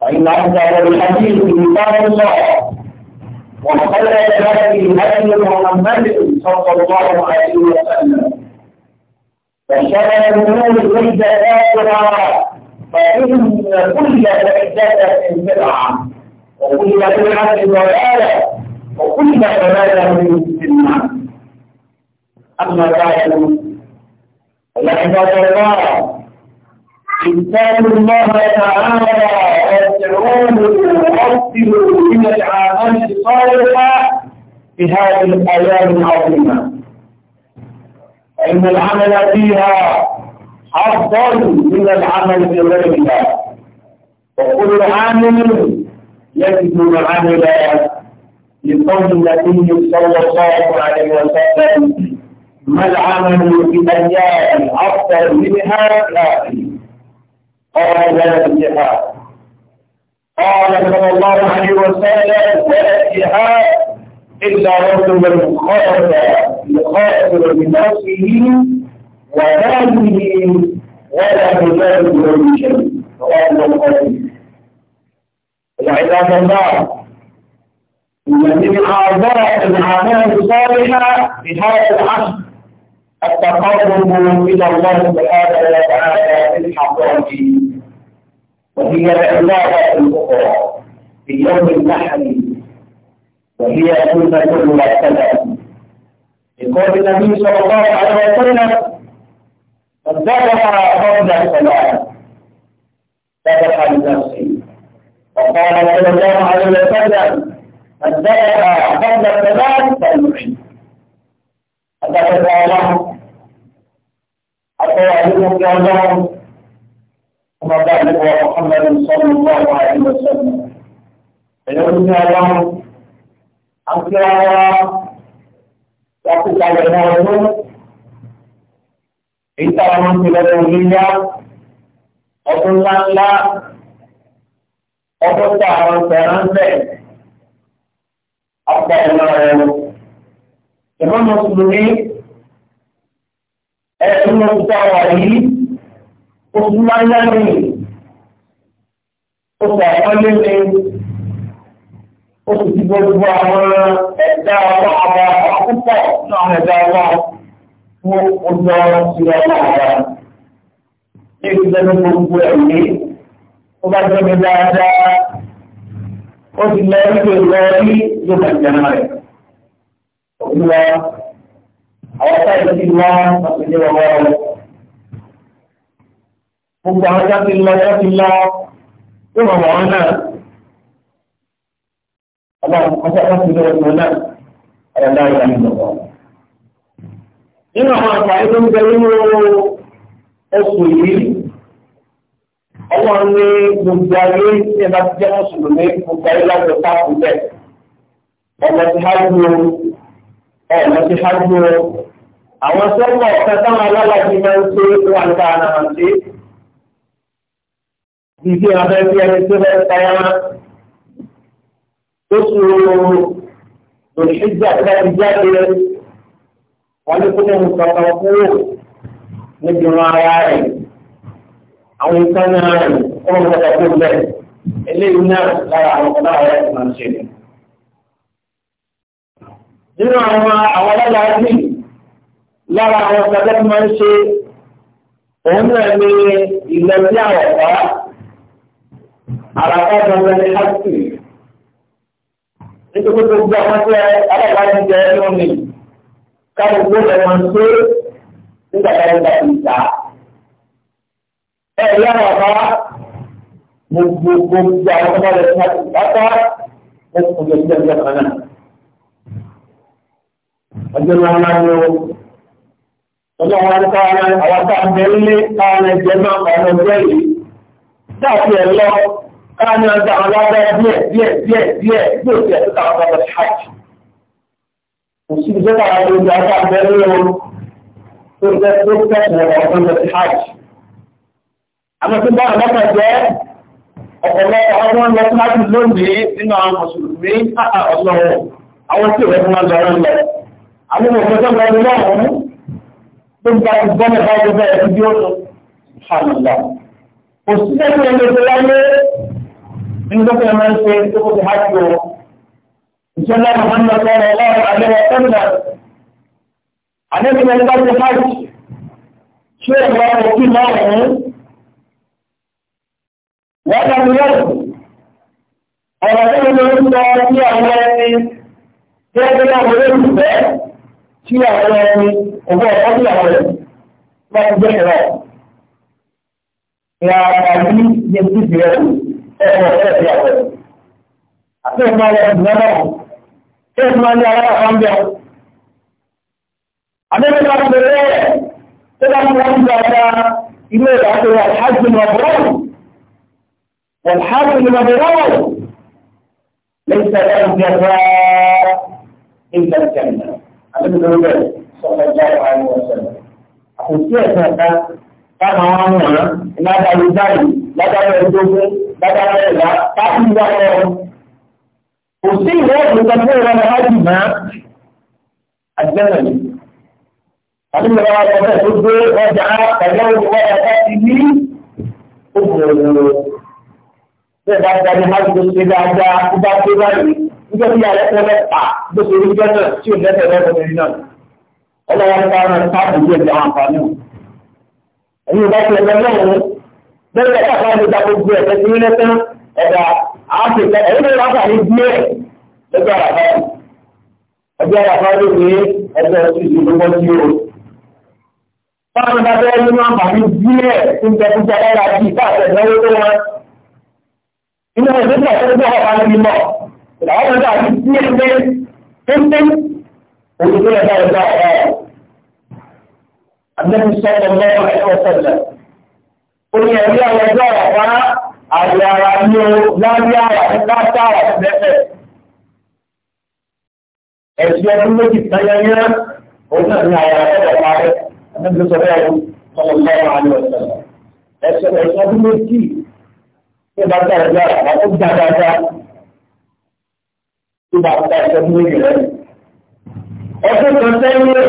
فإن أفضل الحديث كتاب الله وخير الهدي هدي محمد صلى الله عليه وسلم وشر الأمور محدثاتها فإن كل محدثة بدعة وكل بدعة ضلالة وكل ضلالة في السنة أما بعد يا عباد الله إنسان الله تعالى أدعوه وأرسله من العامات الصالح في هذه الأيام العظيمة ان العمل فيها أفضل من العمل في غيرها وكل عامل يجد العمل لقول النبي صلى الله عليه وسلم ما العمل في بأيام أفضل من هذا قال لا قال صلى الله عليه وسلم ولا إلا رجل مخاطر مخاطر بنفسه وماله ولا مجاهد بشيء رواه البخاري وعباد الله من أعظم الأعمال الصالحة في هذا العصر التقرب إلى الله سبحانه وتعالى والدين وهي العبادة الأخرى في يوم النحر وهي سنة مرتبة لقول النبي صلى الله عليه وسلم من ذبح قبل الصلاة ذبح لنفسه وقال صلى الله عليه وسلم من ذبح قبل الصلاة فليعيد أتى الله أتى أهلهم وذلك محمد صلى الله عليه وسلم ẹlẹ́wọ̀n ọlọ́run àti ara lákòókò àwọn ọmọ ọdún èyí tá a máa ń fi lọ́dọ̀ níyá ọdún ńláńlá ọdún tá a máa ń fẹ́ ránṣẹ́ apá ọmọ rẹ̀ lọ. ìmọ̀ mùsùlùmí ẹ̀ẹ́dúnmọ̀ tó wà oṣù láyá ni oṣù àpọ́lé ni oṣù tí gbogbo àwọn ẹ̀dá ọlọ́ àwọn àkópọ̀ náà ẹ̀dá ọlọ́ fún oṣù ọ̀rọ̀ sí ọlọ́ àwọn ẹ̀dá ìjọba gbogbo ẹ̀mí ó bá jẹ́ mi dáadáa ó ti lọ sí ìlọ rí yóò rẹ̀ gbogbo àwọn ọjà ti lọ ọjà ti lọ yóò mọ̀ wọ́n náà ọlọ́run ọjà tó ti lọ́wọ́ ìwọ náà ọ̀rọ̀ náà yà ní lọ́wọ́. nínú àwọn àǹfààní tó ń bẹ nínú oṣù yìí ọlọ́run ní gbogbo ayé tí ẹ bá ti jẹ́ mùsùlùmí gbogbo ayé láti sáàpù bẹ́ẹ̀ ọ̀nà ti hájú ọ̀nà ti hájú àwọn sẹ́kọ̀ọ́ kan táwọn alálàájì máa ń ṣe wà ní káwọn àwọn àti. ìdí abẹ́ bí ẹni tó bẹ́ẹ̀ tayá tó tu lòṣìṣẹ́ àtẹ́lẹ́ jáde wọ́n ní kó lóun kankan kúrò níbi wọn ara rẹ̀ àwọn nǹkan náà rẹ̀ ó ń wọ́n kó bẹ́ẹ̀ eléyìí náà lára àwọn ọ̀gá rẹ̀ máa ń ṣe. nínú àwọn àwọn aláàbí lára àwọn ọ̀gá rẹ̀ máa ń ṣe òun náà ní ìlọsí àwọn ọ̀gá. àràkà gbogbo ẹni hàtì nítorí gbogbo àwọn tí alága ti jẹ ẹnu mi káwọn gbogbo ẹ wọn ṣe nígbà tí wọn bá ti ta ẹ yá bàbá gbogbo gbogbo àwọn ọmọ rẹ ti bàtà ẹ kò jẹ ìjọba ìjọba kan náà ọjọ́ náà máa ń lo ọjọ́ àwọn káwọn àwọn tá a bẹ nílé káwọn ẹgbẹ́ náà ọmọ ẹgbẹ́ yìí dáàbì ẹ lọ káàní ọjà àwọn alágbára díẹ̀ díẹ̀ díẹ̀ díẹ̀ bí òsì ẹ̀sùn táwọn ọmọ ti hajj. òsì ìjọ táwọn ọmọ ìjọ àti àbẹ̀rẹ̀ ló tó jẹ́ tó tẹ̀sán ọmọ ọmọ ti hajj. àmọ́ tí báwọn lọ́kàn jẹ́ ọ̀pọ̀lọpọ̀ ọmọ ọmọ tí wọ́n ti lónìí nínú àwọn mùsùlùmí ọlọ́wọ́ àwọn tí ìwé fún wọn lọ rán lọ. àwọn ọmọ tó ń lọ lọ ọ̀hún tó ń gba ìgbọ́n ẹ̀fọ́ ọjọ́ bẹ́ẹ̀ nínú tó fẹ́ máa ń ṣe tó kó ti há sí o. ìṣẹ́lá Muhammad sọ̀rọ̀ ọlọ́run àlẹ́wọ̀ sẹ́mìnà. àlẹ́bìnrin bá ti hajj ṣé ẹ̀rọ òkú máa wù ú. wọ́n dá mi lọ́rùn. ọ̀rọ̀ tó ń lọ sí àwọn ẹni tí ẹgbẹ́ náà wọlé ìgbẹ́ tí àwọn ẹni òwú ọ̀pọ̀ sí àwọn ẹni wọ́n ti gbé ìrọ̀. ìyá àgbà yìí yẹ ẹ̀kọ́ àti ọmọ ọ̀rọ̀ tí ó máa ní alákàtà ń bẹ̀rẹ̀. Àdébẹ̀ máa bẹ̀rẹ̀ tó bá mú wọn gbàgbà ilé ìdájọ́ àṣájú mọ̀bọ̀rọ̀. Ẹ̀hájú mọ̀bọ̀rọ̀ lè sẹ̀rẹ̀ ìjọba ìjọba ìjọba. Àdébẹ̀ ló bẹ̀rẹ̀ sọ̀rọ̀ ìjà ìwàlú ọ̀sẹ̀. Àkùsí ẹ̀sẹ̀ ẹ̀ka táwọn ọmọ wọn lágbàlú jáde lágbàlú ẹgbẹ́ bàbá rẹ̀ là káfí wá lọ. Kò sí ìwé òkúta fún ìwé ọmọ hajj mọ́. Àjẹ́rẹ̀ ni. Àdúgbò wa sọ fẹ́ tó gbé ọjà pẹ̀lú ìwé ọ̀gá ti ní òkúrò. Bẹ́ẹ̀ bá gba ní hajj tó ṣe dáadáa tó bá tó báyìí. Nígbà tí ààrẹ fẹ́ lọ pa bó ṣe rí jọ́nà tí ò lẹ́sẹ̀ lọ́kùnrin náà. Ọlọ́wọ́ ń pa ara ń pa àbúrò ìjà àǹfààní. Ẹ̀yin ìbá ti ẹgbẹ́ náà bẹ́ẹ̀ bẹ́ẹ̀ káfíń ló da gbogbo ẹ̀ tẹ́sí nílẹ̀ tán ẹ̀dá àáfíìkà ẹ̀yìn ló wáfà ní díẹ̀ lọ́jọ́ àràfà ọjọ́ àràfà ló ní ẹgbẹ́ oṣù lọ́wọ́ tí o. báwọn bá bẹ́ẹ̀ nínú àǹfààní díẹ̀ tó ń tẹ́kù jẹ́ ẹ̀rọ àti ìfàṣẹ ìnáwó tó wọn. inú ẹ̀dẹ́ tó àṣẹ tó wà ní mọ̀ ìdáwọ́ tó dà bí díẹ̀ pé pépé òṣèlú ẹ̀dá ẹ̀dá ẹ̀ oní ẹ̀rí ọlọ́jọ́ ọ̀pá àyè ara ní o lábẹ́ ara ní pátá ọ̀sẹ̀fẹ̀. ẹ̀sùn ọdún méjì tayẹyẹ òun náà ní àyè ara ọ̀pá rẹ̀ ẹ̀mẹ́bí sọ bẹ́ẹ̀ ni ọmọ ìlànà àlọ́ ọ̀sẹ̀. ẹ̀sùn ọdún méjì tó bá tà ẹ̀rí ọ̀pá tó gbà dáadáa tó bá tà ẹ̀sùn ọdún méjì rẹ̀. ọdún kan sẹ́yìn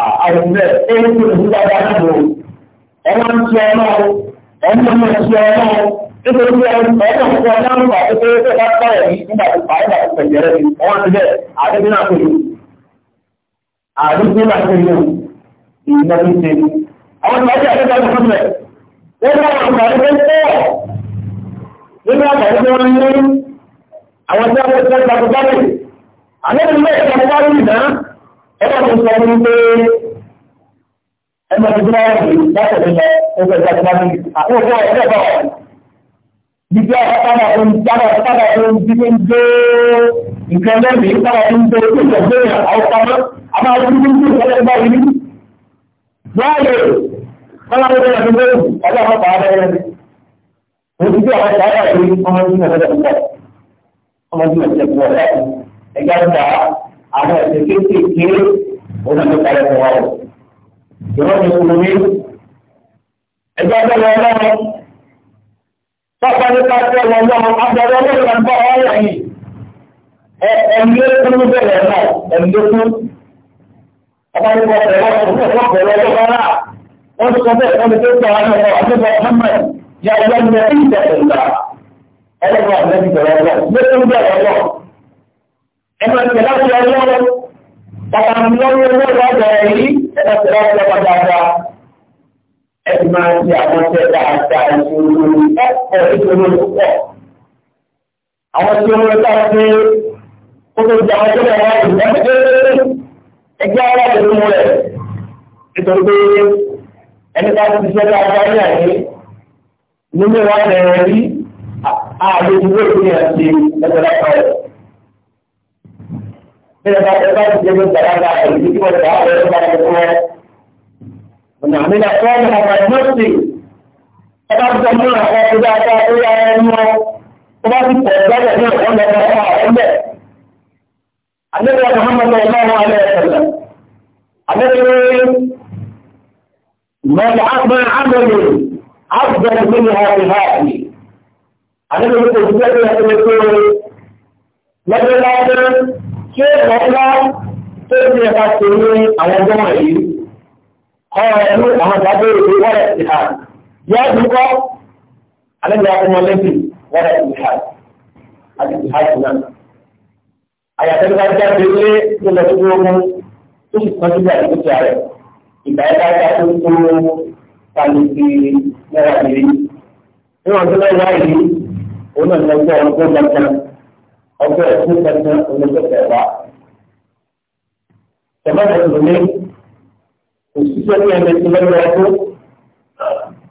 àìsílẹ̀ èyí tó ti dáadáa níbo ọmọ ń ti ọmọ ọmọ ń ti ọmọ nítorí pé ọmọ ń ti ọmọ ń fà pé pé bá tọ́ ẹ̀ ní nígbà tó fà nígbà tó fẹ̀yẹ̀ rẹ̀ ni ọmọ ti bẹ̀ àdébí náà pè é àdébí náà pè é ìgbà tó ṣe àwọn ìgbà tí àdébí náà fún rẹ̀ wọ́n bá wọn kàrí pé pọ̀ nínú àkàrí pé wọ́n ní àwọn tí wọ́n ti sọ ọlọ́run sọ fún pé ẹgbẹ́ tuntun náà rí látọ̀dọ̀ lọ ọgbẹ́ ìgbà tó bá mi àwọn òkú ọ̀rẹ́ ẹ̀fọ́ jíjẹ́ ọ̀pápá tó ń jábọ̀ ọ̀pápá tó ń jíjẹ́ ń gbé nǹkan lẹ́nu ìpápá tó ń gbé tó ń gbé àwọn pamọ́ àmọ́ àwọn tó ń gbé ìpínlẹ̀ bá rí ní. báyìí kọ́lá ló bẹ̀rẹ̀ fún bẹ́ẹ̀ ọjọ́ àwọn pàá bẹ̀rẹ̀ rẹ̀ mo ti gbé àwọn ìdáyà rí ọmọ ìgbà tó ń bọ̀ ọmọ ìgbà tó ń bọ̀ ẹ̀gá ń bọ̀ àwọn ẹ̀sìn kéékèèké òun náà ló parẹ́ fún wa o. ìwọ́n mi kúrò ní ẹgbẹ́ abẹ́rẹ́ ọlọ́run tọ́pọ̀ nípa tí ọmọ ọlọ́run abẹ́rẹ́ ọlọ́run àgbà ọ̀rọ̀ yìí ẹ̀mí ẹ̀kún bẹ̀rẹ̀ náà ẹ̀mí ẹ̀kún ọba nípa ọ̀rọ̀ ọ̀rọ̀ ọ̀rọ̀ ọ̀rọ̀ wọ́n ti sọ bẹ́ẹ̀ wọ́n ti tó tọ́ àwọn ọmọ àdúgbò Muhammad yà ọlọ́run ẹ̀rí ìtẹ̀sẹ̀ ńlá ọlọ́run àti ẹ̀rí ìtẹ̀sẹ̀ ńlá ẹnu ẹsẹ̀ láti ọwọ́ pàpà lọ́wọ́ owó lọ́dọ̀ yìí ẹ̀sẹ̀ láti ọwọ́ dáadáa ẹ̀sìn máa ń ṣe àwọn tẹ́ dáadáa ìṣòro ọ̀pọ̀ ìṣòro púpọ̀. àwọn tí owó ẹ̀ka ṣe kó tó di àwọn tó lọ wá ìgbàgbé ẹgbẹ́ ara rẹ̀ mú rẹ̀ nítorí pé ẹni bá ti ṣiṣẹ́ dáadáa ní àyè nínú wa rẹ̀ rí àlejò ìwé ìpínlẹ̀ àti ẹgbẹ́ lápá إذا بعد ذلك يجب ثلاثة الجيش والدعاء ويجب ونعمل صالحا قد نصي فقد سمعنا قد أتى إلى أنه وقد تزال في الحمد لله عنده النبي محمد صلى الله عليه وسلم النبي من عمل عملي أفضل منها بهذه النبي يقول لك لك لك ṣé ọ̀pá tó ní ẹ̀ka tó ní àwọn ọgbọ́n yìí ọ̀rọ̀ ẹ̀mú àwọn ìdájọ́ ìwé wọ́rẹ̀ ìhà yóò tún kọ́ alẹ́bí akọmọlẹ́bí wọ́rẹ̀ ìhà àti ìhà ìhà àyàtọ̀ bá jáde lé tó lọ sí ogun tó sì kan síbi àti dúkìá rẹ̀ ìgbà ẹ̀ka ẹ̀ka tó ń kó kálífì náírà nìyí. níwọ̀n tó lọ́wọ́ yìí òun náà lọ́jọ́ ọ̀rọ̀ tó lọ́jọ́ ọjọ́ ẹ̀kú kankan olùkẹ́kẹ̀ wa. Tẹ̀mọ́tẹ̀ tó ní òṣìṣẹ́ ní ẹni tí lọ́wọ́ ọdún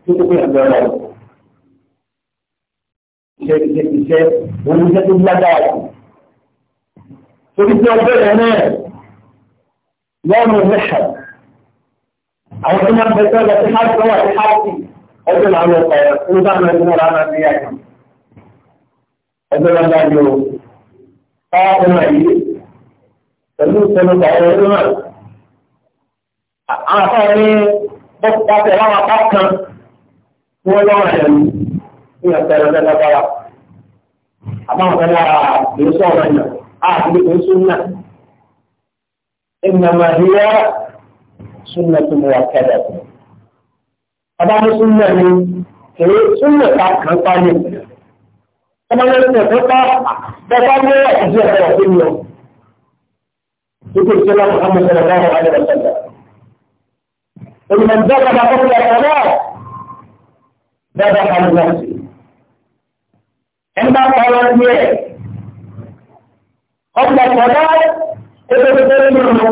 tó tó kéèyàn lọ́wọ́ ọdún. Iṣẹ́ iṣẹ́ iṣẹ́ olùṣẹ́ tó lágbára jù. Torí tí ọjọ́ yẹn náà lọ́rùn mẹ́ta. Àwọn tó máa ń bẹ sọ́dọ̀ tí wọ́n ti wà ní háàpì ọjọ́ làwọn ọkọ̀ ẹ̀ ń bá àwọn ẹgbẹ́ wọn láwọn ẹgbẹ́ yàtọ̀. Ọjọ́ o táwọn ọmọ yìí pẹ̀lú ìṣẹ̀lẹ̀ ìgbàlódé ọdún náà. àwọn afọ ní bọ́pá tẹ̀ láwọn apá kan tí wọ́n lọ́wọ́ ẹ̀ ní ìyàtọ̀ ẹ̀rọ lẹ́gbàgbára. àbáwọn kan lára kìí sọ̀rọ̀ ẹ̀yàn àti kìí súnà. ìnàmà ìyá súnà tó mú wa kẹ́lẹ̀. àbáwọn súnà ni kìí súnà ká kàn pa ní ìpìlẹ̀ ọmọlẹ́yìn ẹ̀fọ́ pa bàbá ní àtijọ́ ẹ̀fọ́ ọ̀fẹ́ mi ọ̀. Ètò ìṣẹ́lá Mùhàmmad sọ̀rọ̀ bá wà ní ọ̀sẹ̀dá. Olùmọ̀ ìjọba bá kọ́ sílẹ̀ ọ̀rọ̀ náà. Dáadáa kan lọ sí. Ẹni bá pa wọn ní ẹ̀. Ọ̀pọ̀ ọ̀dá ètò ìṣẹ́lá ní ọ̀rọ̀.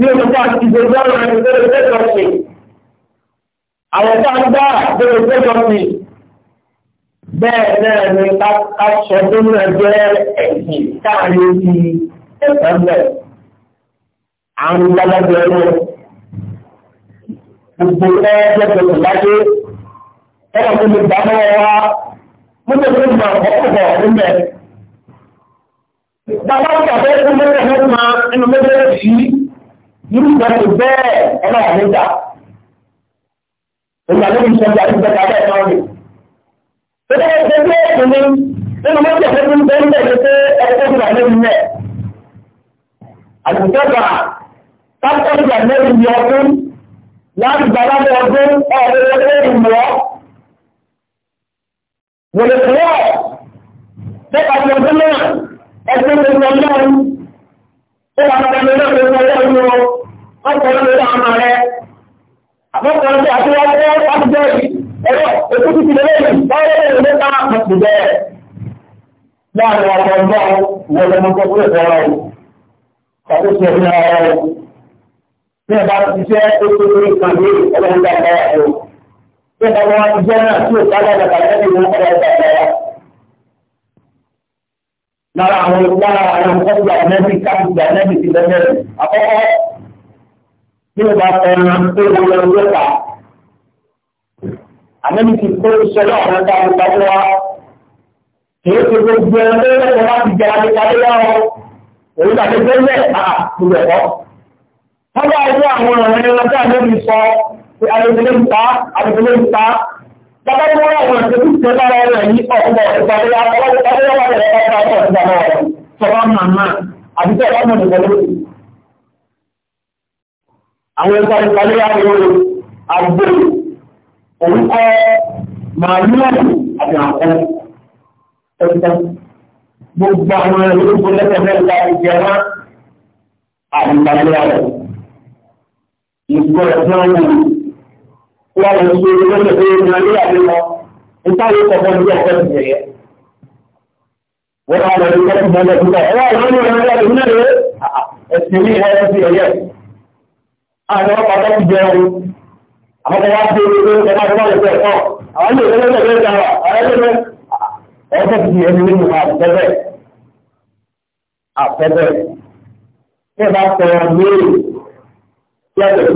ní olùkọ́ àti ìgbésẹ̀ ọ̀rọ̀ ẹni tó lè tẹ́tọ̀ sí àwọn tá a gbá tó lè tẹ́tọ̀ sí bẹ́ẹ̀ náà ni aṣọ tó ń jẹ́ ẹ̀sìn káàrin ojú ẹ̀sẹ̀ bẹ́ẹ̀ àrùn gbàgbọ́ ẹ̀rọ gbogbo ẹgbẹ́ tó láyé ẹ̀rọ tó lè gbà mọ́ wa mọ́tò tó mọ̀ ọ̀pọ̀ níbẹ̀. Bàbá ìgbà bẹ́ẹ̀ tó mọ́tò tó máa ẹnu mọ́tò yìí irú ìgbàlódé bẹ́ẹ̀ ọ̀nà àlejò ìgbàlódé ìṣẹ́jú àti ìgbàlódé abẹ́ ẹ̀ka ọ̀dẹ̀. Tẹ́lẹ̀ tẹ́lẹ̀ tẹ́lẹ̀ tẹ́lẹ̀ nínú mọ́tò ẹ̀fẹ́ fún bẹ́ẹ̀ bẹ́ẹ̀ pé ẹ̀kọ́ tó wà lẹ́yìn rẹ̀. Àgùntẹ́gbà kápẹ́ ìgbà lẹ́yìn ní ọdún láti gbà lábẹ́ ọdún ọ̀rẹ́ lẹ́yìn mọ́. Wòlé fún ọ̀ ó wà pẹ̀lú lọ́pọ̀ ọwọ́ inú ọkùnrin lórí àmà rẹ̀ àbọ̀kùnrin tí a ti wọ́n fẹ́ àtijọ́ yìí ẹ̀rọ ètò títí lẹ́yìn báwo lè lè ká pàtó bẹ́ẹ̀ láàrin ọ̀pọ̀ ọ̀gbọ́n wọ́n lọ́mọ tó kúrò fún ọ̀rọ̀ tàbí sí ọdún ara rẹ̀ bí ẹ bá ti jẹ́ ètò orí kan ní ọlọ́run dàgbà ẹ̀ bí ẹ bá wọn ti jẹ́ náà tí ò lára àwọn lára àwọn olùkọ́sí ànẹ́bí káàkiri ànẹ́bí ti lẹ́mẹ̀rẹ̀ àkọ́kọ́ bí o bá fẹ́ ẹran tó wọ lọ lọ́ta ànẹ́bí ti kó iṣẹ́ náà wọn ká ló dájú wa kìí ṣe gbogbo ẹran tó lọ́wọ́ láti jẹ adékadé wá o èyí tàbí tó lẹ̀ à gbogbo ẹ̀kọ́. wọ́n bá ẹgbẹ́ àwọn ọ̀rẹ́ ẹran tí ànẹ́bí sọ pé àdébílẹ̀ ń Bàbá tí wọ́n wọ́n ṣe kí ṣe lára rẹ̀ ní ọ̀pọ̀ ìgbàlódé ọlọ́dúnlọ́wọ́ rẹ̀ ọ̀pọ̀ ọ̀pọ̀ ìgbàlódé tọ́lá màmá àbí tọ́lá mọ̀ ìgbàlódé. Àwọn ẹgbẹ́ ìgbàlódé àwọn àgbò orúkọ màálù àti àkọ́ ẹ̀sán. Gbogbo àwọn ẹ̀rọ ìgbò lẹ́sẹ̀ mẹ́ta ìjẹ̀má àti ìgbàlódé àwọn wọ́n lọ sí ilé lọ́sẹ̀ tó yẹ kí wọ́n lé àdé lọ nítorí kọ̀ọ̀kan ní ọ̀pẹ́ ìjẹ̀yẹ. wọ́n lọ sí kọ́kọ́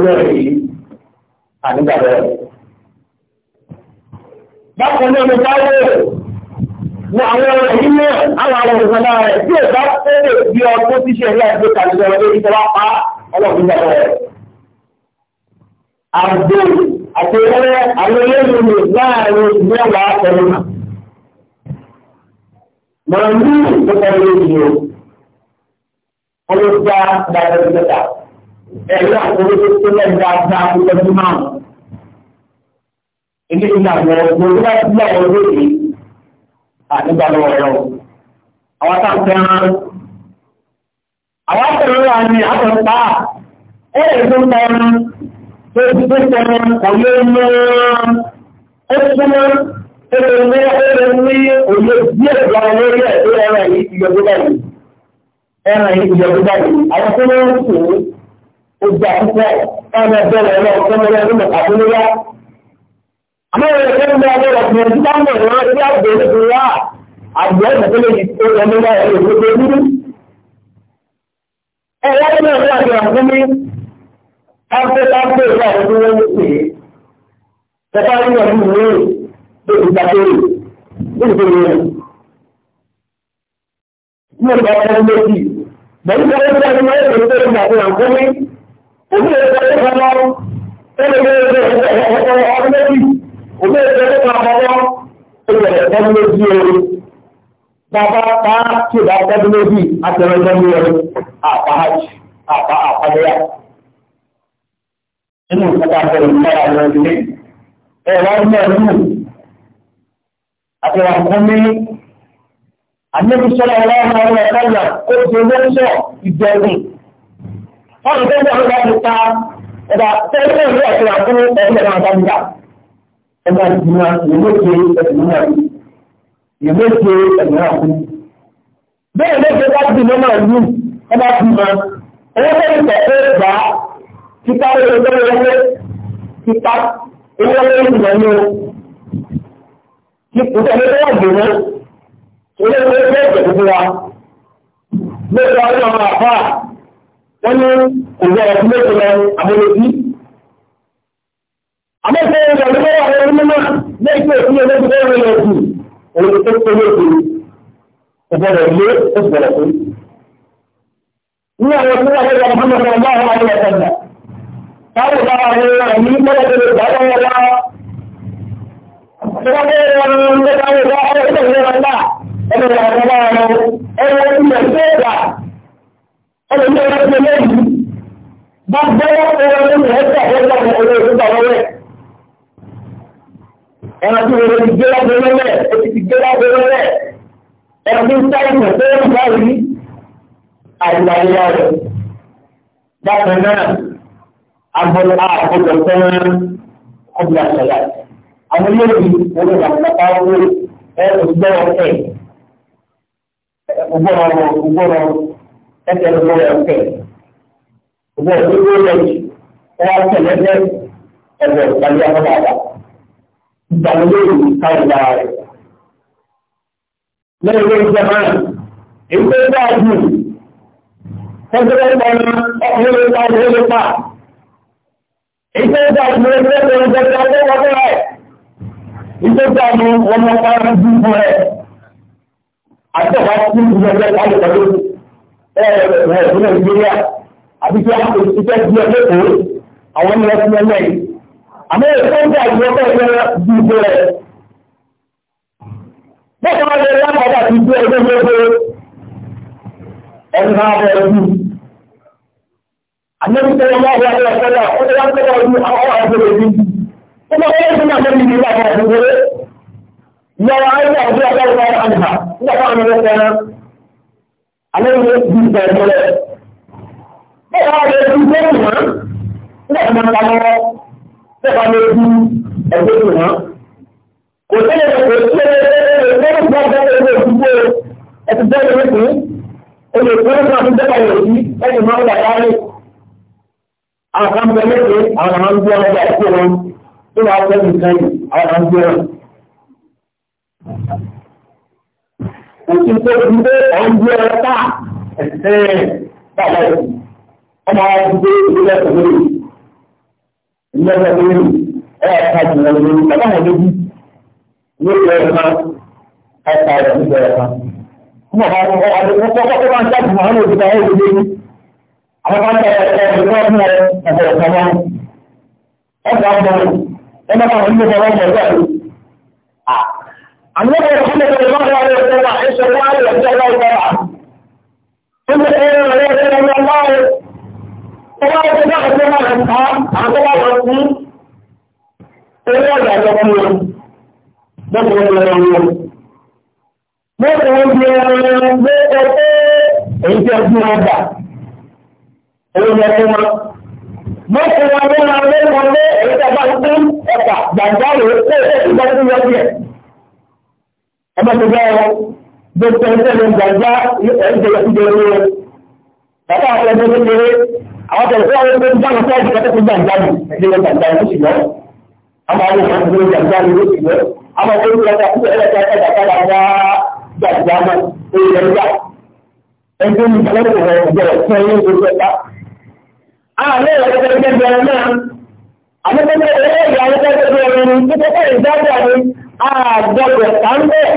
mọ́lẹ̀ àdúgbàbọ̀ rẹ̀. Bákan náà mo bá wò ní àwọn ọ̀rọ̀ yìí náà àwọn àwọn òṣèlú rẹ̀ tí ò bá fẹ́rẹ̀ bí ọdún tí ṣe rí àgbẹ̀ kàlùjọ rẹ̀ lórí ìjọba pa ọlọ́run gbàgbọ́ rẹ̀. Àgbò àti ẹ̀rẹ́ àwọn eléyìí ni láàrin mẹ́wàá pẹ̀lú mà. Màá ní ìtọ́jú lórí o. Ọlọ́dún dá dáadáa ẹ̀rí àkọ́kọ́ tó tó lẹ́yìn dáadáa tó tọ́jú náà. Ilé ìlànà ọ̀gbọ̀n tó bá ti lọ́wọ́ lórí àdúgbà lọ́wọ́ lọ. Àwọn táǹkàn àwọn akọ̀rọ̀lá ni àtọ̀pá ẹ̀rẹ̀ tó tọ́rọ tó ti tó tọ́rọ pẹ̀lú ọmọ ó túnmọ́ ẹ̀rẹ̀ ní ẹ̀rẹ̀ ní òye díẹ̀ lọ́wọ́ lórí ẹ̀rẹ̀ yìí ti yọ ojú àkókò táwọn ẹgbẹ́ rẹ̀ lọ sọ́mọlé ọdún àbúlélá. Àmọ́ ìrẹ̀ tó ń bẹ ọdún rẹ̀ fún ẹjú bá ń bọ̀ lọ́wọ́ sí àgbẹ̀ ológun wá àgbẹ̀ ìdàkọ́lẹ̀ yìí tó lọ nígbà ẹ̀rọ ìgbógbó dúdú. Ẹ wáyé ní àjọ àkókò ní káfíńtà káfíńtà ìlú àwọn tó wọ́n ń pè é. Tẹ̀fá ń yọ̀ nínú ìwé tó ti dàkọ́lẹ̀ nígbà ìwé. Mo ní bàbá ọmọ méjì. Bẹ̀rù òbí ẹ̀rọ tó kàn lọ ẹgbẹ́ ẹgbẹ́ ọ̀pọ̀ ọdún méjì òbí ẹ̀rọ tó kàn lọ ẹgbẹ́ ọdún méjì ẹ̀rọ bàbá pa tí ìbá ọdún méjì àtẹ̀rẹ̀ ọdún ẹ̀rọ àpáhájì àpá àpáhájì inú ìpátá àpẹẹrẹ ìpára àwọn ọdún ẹ̀rọ ọdún ẹ̀rọ àtẹ̀rẹ̀ àkọ́mí àmì ìṣọ́lá ọlọ́run ọlọ́run ọ̀tọ́lá ó ti lọ́sọ̀ ìbẹ̀rù ọ̀rọ̀ tó ń bọ̀ nípa nípa ẹ̀dá tẹ́lẹ̀ ní ọ̀sẹ̀ àkún ẹgbẹ́ náà bá ń gbà. ẹgbẹ́ ìgbìmọ̀ ìwéṣe ẹ̀dùnmọ̀ ìwéṣe ẹ̀dùnmọ̀ àkún. bẹ́ẹ̀ ló ṣe bá ti mọ́mọ́ ìlú ẹgbẹ́ ìgbìmọ̀ owó tó ń tẹ̀ pé gbà á kíkà owó tó ń wọlé kíkà owó tó ń wọlé o. kíkù tó ń wọlé gbèrè owó tó ń wọlé gbèrè fún wa. lóòótọ́ ọlọ́run àfáà wọ́n ní kò gbọ́ ọ̀rọ̀ fún ètò lọ àbọ̀lẹ̀bí. Àmọ́ ìfẹ́ ìrìn àjò lọ́wọ́ àwọn onímọ̀ náà lé ìpè òfin ẹgbẹ́ tó fẹ́ rìn ẹ̀kú òun tó tó lé òfin ìbọ̀rọ̀ ilé ó bọ̀rọ̀ fún. Ní àwọn tó wà lórí ọmọ náà wọ́n wà lórí ọ̀sán Táwọn bá wọn ní ọ̀rọ̀ ní mọ́lẹ̀ tó lè gbà lọ́wọ́ wá. Ṣé wọ́n bẹ̀rẹ̀ wọn ní ọjọ́ táwọn ìgbà ọ̀rọ̀ ìgbà ìgbà ẹ̀rọ ìgbà ẹ̀rọ ìgbà ẹ̀rọ ní ọ̀rọ̀ ní ọ̀rọ̀ yìí bá gbọ́ ọ̀rọ̀ nínú ẹ̀ka ẹ̀ka ọ̀rọ̀ ìgbà wọ́wẹ́. ẹ̀rọ tí wọ́n ti gbé lábẹ́ wọ́wẹ́ ó ti ti gbé lábẹ́ wọ́wẹ́ ẹ̀rọ tí ń sáré mọ̀ pé wọ́n bá rí àìláyà rẹ̀. bákan náà agbọ̀dọ̀ àgbọ̀dọ̀ ẹ̀ òṣìṣẹ́ ọgbọ́n ọgbọ́n ẹsẹ̀ ló bọ̀ ẹ̀kẹ́ ọgbọ́n tó tó lẹ̀ jù wọ́n á tẹ̀lé ẹgbẹ́ ẹgbẹ́ ìpàdé àwọn àgbà ìgbàlódé ìlú káwọn bá rẹ̀. lẹ́yìn ló ń jẹ máa èyí tó bá jù tẹ́tẹ́rẹ́ ìpọnà ọkùnrin ló pa ọkùnrin ló pa èyí tó bá jù ló ń jẹ́ pé ọjọ́ tó wọ́n wọ́n rẹ̀ èyí tó bá jù wọn mọ̀ pa ọkùnrin fún rẹ̀ àti ọ̀gá tó ń jẹ́ pé ọjọ́ tó ẹ̀ẹ́dẹ̀ẹ̀dẹ̀ nàìjíríà àti tí a kò ti fẹ́ di ẹlẹ́kọ̀ọ́ àwọn ẹni ẹ̀sìn ẹlẹ́yìn àmọ́ èso ń bá ìwọ bẹ́ẹ̀ bẹ́ẹ̀ di ìbò rẹ̀ bẹ́ẹ̀ tó máa lè lápapọ̀ àti ìbò ẹgbẹ́ gbogbo ẹni náà bẹ̀rẹ̀ bí àmọ́bí tẹ́lẹ̀ máa wà ní ọ̀sẹ̀dá ó ti wá ń tẹ́lẹ̀ ọdún àwọn ọ̀sẹ̀ rẹ̀ bí ó máa wọ́n tún máa lẹ́yìn nígbà kan àti ìbò rẹ̀ ìyàwó ayé àti ọ̀sẹ̀ rẹ̀ alẹ́ yóò di ìgbà ẹ̀kọ́ rẹ̀. Bẹ́ẹ̀ wá lè fi gbẹ́rù mọ́, nígbà tí wọ́n ta lọ́wọ́, bẹ́ẹ̀ wá lè fi ẹ̀gbẹ́ rù mọ́. Kò tẹ́lẹ̀ kò tẹ́lẹ̀ lẹ́nu bá bẹ́ẹ̀ lè fi gbé ẹtì bẹ́ẹ̀ lè fi olè gbẹ́rù náà fi bẹ́ẹ̀ lè fi ẹni máa ń gbà dáre. Àwọn kan bẹ lóde àwọn àwọn gbé wọn gbà ẹ̀kọ́ wọn, tó wàá fẹ́ mi sẹ́yìn àwọn àwọn gbé wọn òtún tó ti gbé ọ̀njẹ́ ọ̀tá ẹ̀sẹ̀ bàbá ẹ̀sìn ọmọ àdúgbò ìdílé ẹ̀sẹ̀ lórí ìdílé ẹ̀sẹ̀ lórí ẹ̀ka jùlọ lórí bàbá wọn lójú lórí ẹ̀ka ẹ̀ka rẹ̀ nígbà ẹ̀ka. Mo máa ń kọ́ ọdún tó kọ́kọ́ máa ń jáde mọ́ àwọn òbí àwọn òbí mi. Àwọn kan tẹ ẹ̀ka ìlú ọdún ẹ̀ka ẹ̀ka wọn. Ẹ̀ka ọmọ ẹ̀ annabi Muhammad sallallahu alaihi wasallam in sha Allah ya tsaya da Allah kuma eh ne ne ne Allah kuma da da kuma ọmọ tó gbá ọ gbogbo ẹgbẹ́ ló ń gbàgbá ẹgbẹ́ ìjọba ìjọba bàbá àwọn ọmọ kékeré àwọn tó gbá ọmọ tó ń dáná fún ọjọ́ tó gbàgbá ní ilé gbàgbá ló sì lọ àwọn àwọn ọmọ tó gbàgbá ní ló sì lọ àwọn tó gbàgbá fún ẹlẹ́ta ẹ̀ka kára wá gbàgbá náà ó yẹ gbà ẹgbẹ́ ní ìgbàlódé rẹ̀ ìjọba tó ń yẹ gbogbo ẹ̀ka. àlẹ́ ìrẹsẹ̀ gbẹgbẹ̀rẹ̀ náà àmọ́ àgbẹ̀bẹ̀ kàńbẹ̀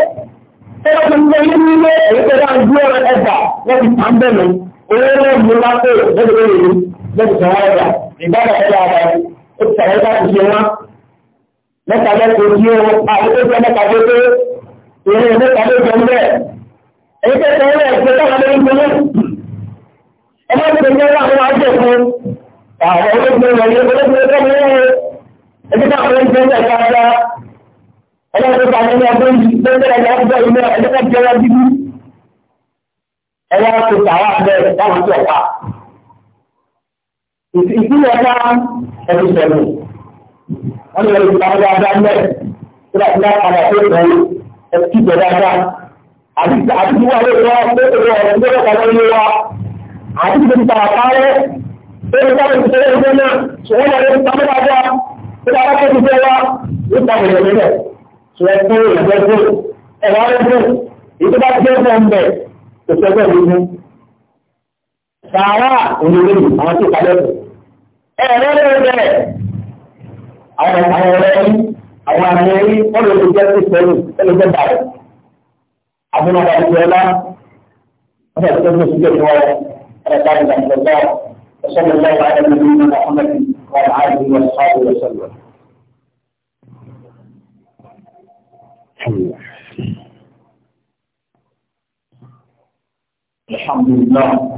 tẹ́lẹ̀ tó ń gbé yín nílé èyí tó bá ń gbé ọ̀rọ̀ ẹ̀dà wọ́n ti kàńbẹ̀ mi owó náà mú lápò lọ́dọ̀ lórí mi lọ́dọ̀ tó wọ́n ẹ̀dà ìbára ẹ̀dà ara ẹ̀ ó ti sàrẹ́ láti ṣe wọ́n mẹ́ta lẹ́kọ̀ọ́ tí ó àwọn tó jẹ́ mẹ́ta tó tó ìrìn mẹ́ta tó jẹ́ mẹ́ èyí tó tẹ́ ẹ̀rẹ́ ẹ̀sẹ̀ tó wọ́n lórí mi ọmọ tó jẹ́ wà ní wájú ẹ̀kọ́ àwọn olóògbé wọn ni olóògbé tó ń lé ẹgbẹ́ tó ń jẹ́ ẹ̀ka ọlọ́run bá nínú ọdún yìí lọ́sẹ̀rẹ̀ ní ọgbọ́n ilé ẹ̀lẹ́fẹ́ jẹ́rẹ́ bíbí ẹ̀wọ́n ti tàwa bẹ́ẹ̀ láwọn tí ọ̀pá ìpínlẹ̀ ọ̀pá ẹ̀rù sẹ̀lù wọ́n lè rí àwọn dáadáa mẹ́rẹ̀ tí wọ́n ti náà padà tó tẹ̀ ẹ̀kí jẹ dáadáa àti tí wọ́n lè rọ pé ó rọ ọ̀rọ̀ lọ́wọ́ kan lórí wa àti tí wọ́n tàwa kárẹ́ pé ó sáré ti tẹ́lẹ̀ sọ̀rọ̀ ìgbẹ́gbẹ́ ẹ̀rọ ẹ̀gbẹ́ ìtọ́ bá jẹ́ fún ọmọ ẹ̀ kò sẹ́gbẹ́ lógún. Sàárà onílé àwọn tó kalẹ̀ kù. Ẹ̀rọ ẹ̀rẹ́ àwọn ọ̀rẹ́ yìí àwọn àmì ẹ̀rí wọ́n lè jẹ́ sí pẹ̀lú ẹ̀lẹ́ jẹ́ bàrẹ̀. Àbúrò bá ti ọlá wọ́n fẹ́ tó fún sílẹ̀ fún ọ ẹ̀rẹ́ bá ti dàgbẹ́ bá ọ̀sán lọ́wọ́ الحمد لله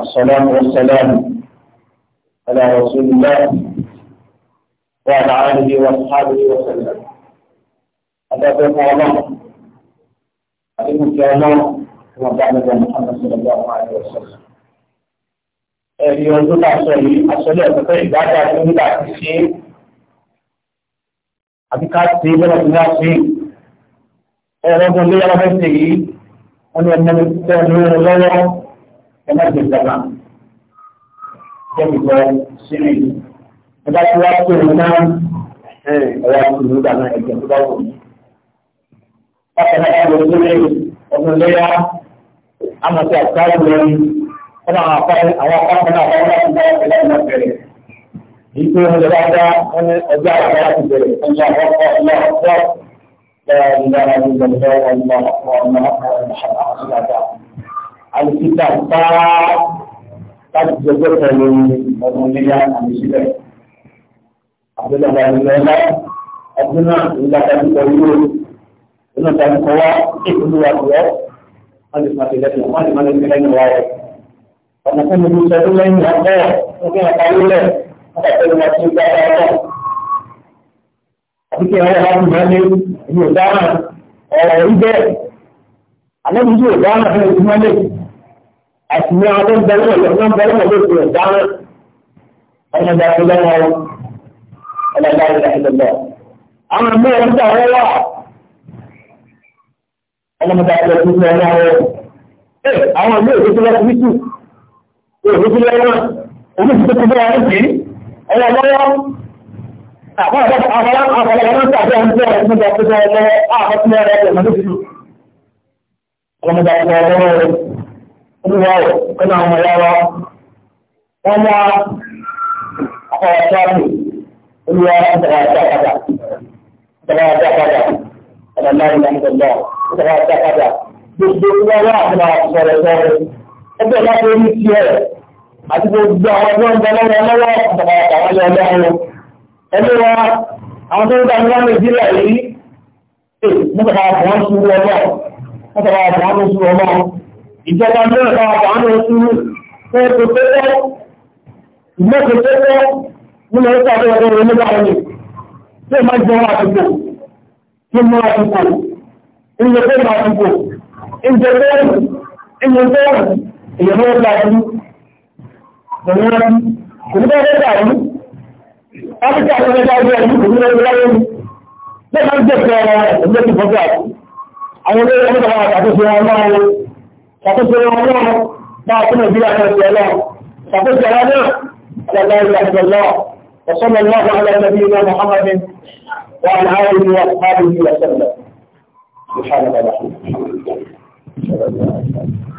الصلاة والسلام على رسول الله وعلى آله وأصحابه وسلم أتابعنا الله عليكم يا الله كما بعد محمد صلى الله عليه وسلم ẹ̀rí ọdún tá a sọ yìí àsọlẹ̀ ọ̀pẹ́ ìgbádà tó ń gbà ṣe àti ká ṣe lọ́wọ́ tí wọ́n ṣe ẹ̀rọ́gbọ́n lé yàrá fẹ́ ṣe yìí wọ́n ní ẹni tẹ́ ní wọn lọ́wọ́ ẹ má ṣe ìjàmbá jẹ́bi gbọ́ sínú yìí ẹ bá ti wá sí òun náà ọ̀rọ̀ àti ìlú dàná ẹ̀jẹ̀ tó bá wù mí. bákan náà ẹ̀rọ tó lé ọdún léyà amọ̀tí àti káàkiri ẹni wọ́n àwọn akọ́kọ́ ìpè oúnjẹ bá dá wọn ní ọjọ́ àwọn láti bẹ̀rẹ̀ ọjọ́ àwọn ọkọ̀ ọjọ́ ọkọ̀ Àlùkítà pàá láti gbogbo pẹ̀lú ọdún iléyà àmì sílẹ̀. Àbúlọ̀bà ìlú ọlá, ọdún náà ìlú àtàkùkọ ìlú inú àtàkùkọ wá ìpínlẹ̀ wà bọ̀ wọ́n lè máa tẹ̀lé wọ́n lè máa tẹ̀lé lẹ́yìn wa rẹ̀. Ọ̀nà fún mi ló sọ lẹ́yìn àbọ̀ fún kí wọ́n parí lẹ̀ ẹ̀sẹ̀ wọn ti gba ọ̀rọ̀ náà. Àti kí ẹ̀rọ láti máa lé ní ọ̀daràn ọ̀rọ̀ orí bẹ́ẹ̀. Àlẹ́bí yóò dáhùn fún ojú mọ́lẹ̀. Àtìmí àwọn tó ń bẹ lọ́wọ́ ló ń bẹ lọ́wọ́ ló ti ọ̀daràn. Ọ̀nà ìgbà tó lọ́wọ́ wọn. Ọ̀nà ìgbà tó lọ́wọ́ wọn. Àwọn ẹgbẹ́ wọn gbà wọ́n wà. Ọ̀nà ìgbà lọ́wọ́ ọwọ́ lọ́wọ́ àwọn ọ̀pọ̀lọpọ̀ tàbí àwọn tí wọ́n mú ọ̀pọ̀ lọ́wọ́ àkọsílẹ̀ rẹ̀ pẹ̀lú ọdún títù ọlọ́mọdé ọ̀pọ̀ lọ́wọ́ rẹ̀ olúwa rẹ̀ kọ́nà àwọn ọ̀yá wa wọ́n wá ọ̀pọ̀ ṣáàpù olúwa ìtàrà àti àkàdà ìtàrà àti àkàdà ọ̀dọ̀láyìn lọ́mọdé ìtàrà àti àkàdà gbogbo olúwa wà àti àwọn ọ̀pọ̀ àti gbogbo àwọn tó ń bẹ lọ́wọ́ lọ́wọ́ àtàkàtà wọn lọ́wọ́ lọ́wọ́ ẹni wa àwọn tó ń ta níwọ̀n nàìjíríà yìí ẹ mọ́tàkà àwọn tó ń lọ́wọ́ mọ́tàkà àwọn tó ń lọ́wọ́ ìjọba mẹ́ta àwọn tó ń lọ́wọ́ pé ìmọ̀tòtòtò nínú ẹ̀ka tó wọ́n wọlé láwọn ni tí máa jẹun àtúkò tí mọ́ àtúkò ìjọba àtúkò ìjọba ìjọba ìyẹ̀wò ìgbà lòun rẹ̀ kò ní bẹ́ẹ̀ dà ní áfíríkà ló ń dáwọ́ ẹni kò ní bẹ́ẹ̀ láyé ní bẹ́ẹ̀ máa ń jẹ́pẹ́ ọ̀rọ̀ ẹgbẹ́ ti fọ́fẹ́ àti àwọn olóyè ọmọ ìjọba àtàkóso wọn náà wọn ṣàkóso wọn náà máa tún nàìjíríà náà ti ọlọ́ ṣàkóso wọn náà ọlọ́lá ìlú àti ọlọ́ وصلى الله على نبينا محمد وعلى اله واصحابه وسلم سبحانك اللهم وبحمدك